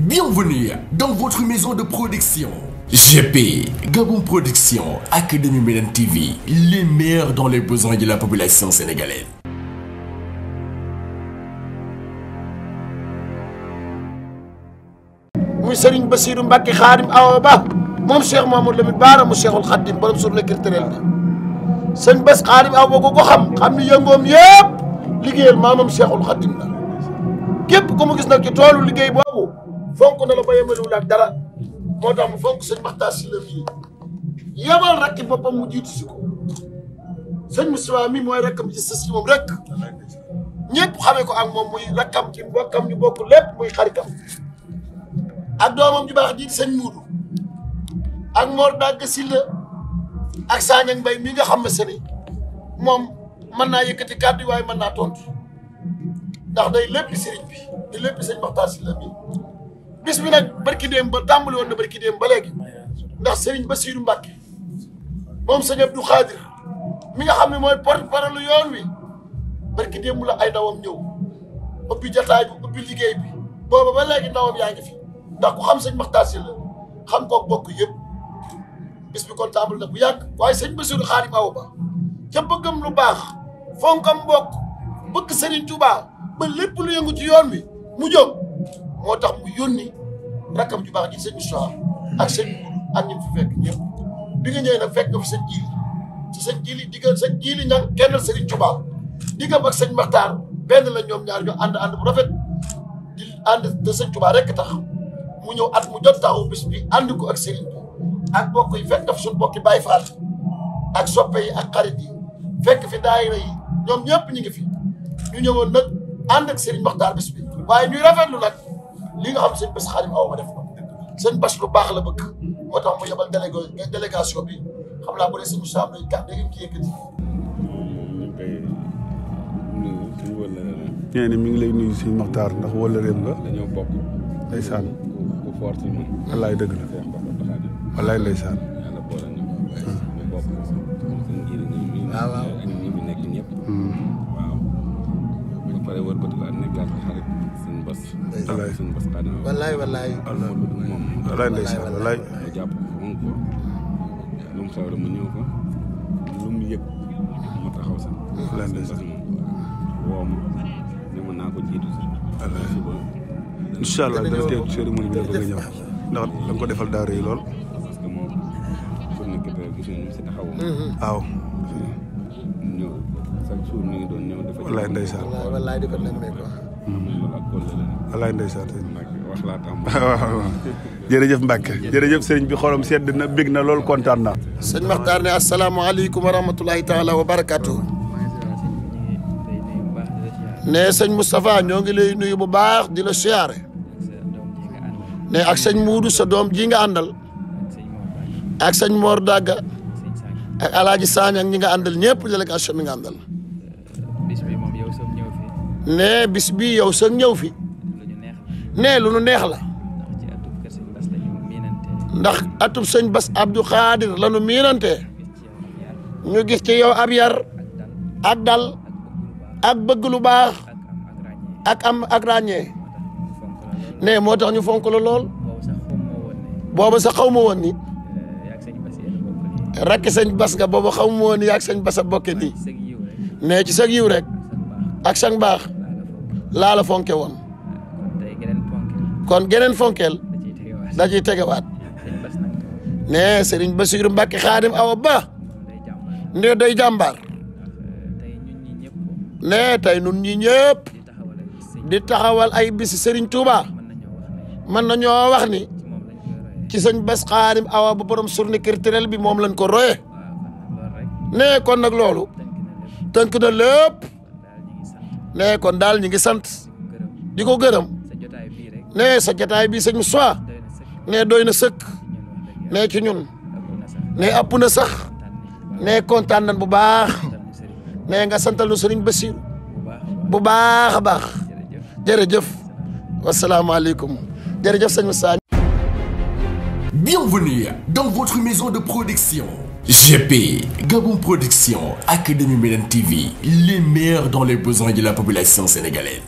Bienvenue dans votre maison de production. GP, Gabon Production, Académie Médan TV, les meilleurs dans les besoins de la population sénégalaise. muy Serigne Bassirou Mbacké Khadim Awa Ba moom Cheikh Mamadou Lamine Bara mu Cheikhul Khadim borom sur le critérel la sëñ Bass Khadim Awa Ba ko ko xam xam ni yëngoom yëpp liggéeyal maamam Cheikhul Khadim la képp ku mu gis nag ci toolu liggéey boobu. fonk na la ba yemalewul ak dara moo tax mu fonk sëñ Maxtaar Sylla mii yebal rakki boppam mu jiitu si ko sëñ Moustapha mi mooy rakkam xamee ko ak moom muy rakkam ci mbokkam ñu lépp muy xaritam ak doomam ju ji sëñ Muudu ak Mor Dagg Sylla ak Sagnang Mbay mi nga xam ne moom mën naa yëkkati kàddu waaye mën naa tontu ndax day lépp sëriñ bi di lépp sëñ Maxtaar Sylla mi bis bi nag barki démb ba tàmbali woon na barki démb ba léegi ndax Serigne Bassirou Mbacké moom sëñ Abdou Khadir mi nga xam ne mooy porte-parole yoon wi barki démb la ay ndawam ñëw ubbi jataay bi ubbi liggéey bi booba ba léegi ndawam yaa ngi fi ndax ku xam sëñ Makhtar Sylla la xam koo bokk yëpp bis bi kon tàmbali na bu yàgg waaye sëñ Bassirou Khadim Awa Ba ca bëggam lu baax fonkam bokk bëgg Serigne Touba ba lépp lu yëngu ci yoon wi mu jóg moo tax mu yónni rakkam ju baax ji sëñ Moussa ak sëñ ak ñi fi fekk ñëpp bi nga ñëwee nag fekk nga fi sëñ jiili ci sëñ jiili digga sëñ sëriñ Tuubaa diggam ak sëñ Maxtaar benn la ñoom ñaar ñu ànd ànd bu rafet di and te sëñ Tuubaa rek tax mu ñëw at mu jot taxaw bis bi ànd ko ak sëriñ bi ak bokk yi fekk daf suñ bokki Baay Faal ak soppe yi ak xarit yi fekk fi daayira yi ñoom ñëpp ñu ngi fi ñu ñëwoon nag ànd ak sëriñ Maxtaar bis bi waaye ñuy rafetlu nag li nga xam seen bés xaadim aw ma def ko seen bés lu baax la bëgg moo tax mu yebal délégué délégation bi xam naa bu dee suñu saam lay gàtt da ngeen ci yëkkati nee na mi ngi lay nuyu suñu Maxtaar ndax wëllëreem nga dañoo bokk ndeysaan ku foor ci man wallaay dëgg la wallaay ndeysaan waaw waaw bas. wallaay suñu bas xanaa. wallaay wallaay. wallaay ndeysaan wallaay. ma jàpp ko fa mu ko lu mu taxaw sax. wallaay ndeysaan woo ma ne ma naa ko jiitu si. wallaay suba. incha nga ñëw ndax da ko defal daa rëy lool. parce que moom pour ne képp gis nañu si taxawoo. Mm-hmm. waaw. Mm-hmm. ñëw chaque wallaay ndeysaan wallaay dafa wallaay ndeysaan wax laa jërëjëf Mbacke jërëjëf sëriñ bi xolam sedd na bég na lool kontaan sëñ Maxtaar ne asalaamaaleykum wa rahmatulahi taala wa barakaatu ne sëñ Moustapha ñoo ngi lay nuyu bu baax di la siyaare ne ak sëñ Muudu sa doom ji nga àndal ak sëñ Mor Dagga ak alaaji Saañ ak ñi nga àndal ñëpp délégation mi nga àndal nee bis bii yow sa ñëw fi nee lu nu neex la ndax atub sëñ Bas Abdou Khadir la nu miinante ñu gis ci yow ab yar ak dal ak bëgg baax ak am ak ràññee nee moo tax ñu fonk la lool booba sax xaw ma woon ni rakk sëñ Bas nga booba xaw ma woon ni yaag sëñ Bas a bokke nii nee ci sag yiw rek ak sang baax laa la fonke woon kon geneen fonkeel da ciy tegewaat ne Serigne Bassirou Mbacke Khadim Awa Ba ne day jàmbaar ne tey nun ñi ñëpp di taxawal ay bisi Serigne Touba mën nañoo wax ni ci sëñ Bass Khadim Awa Ba borom journée culturelle bi moom lañ ko roye ne kon nag loolu tënk na lépp nee kon daal ñu ngi sant di ko gërëm nee sa jotaay bi sëñ soi nee doy na sëkk nee ci ñun nee app na sax nee kontaan nañ bu baax nee nga santal nu sëriñ Basiir bu baax a baax jërëjëf wasalaamaaleykum jërëjëf sëñ Moussa. Bienvenue dans votre maison de production. GP Gabon Production Académie Médine TV les meilleurs dans les besoins de la population sénégalaise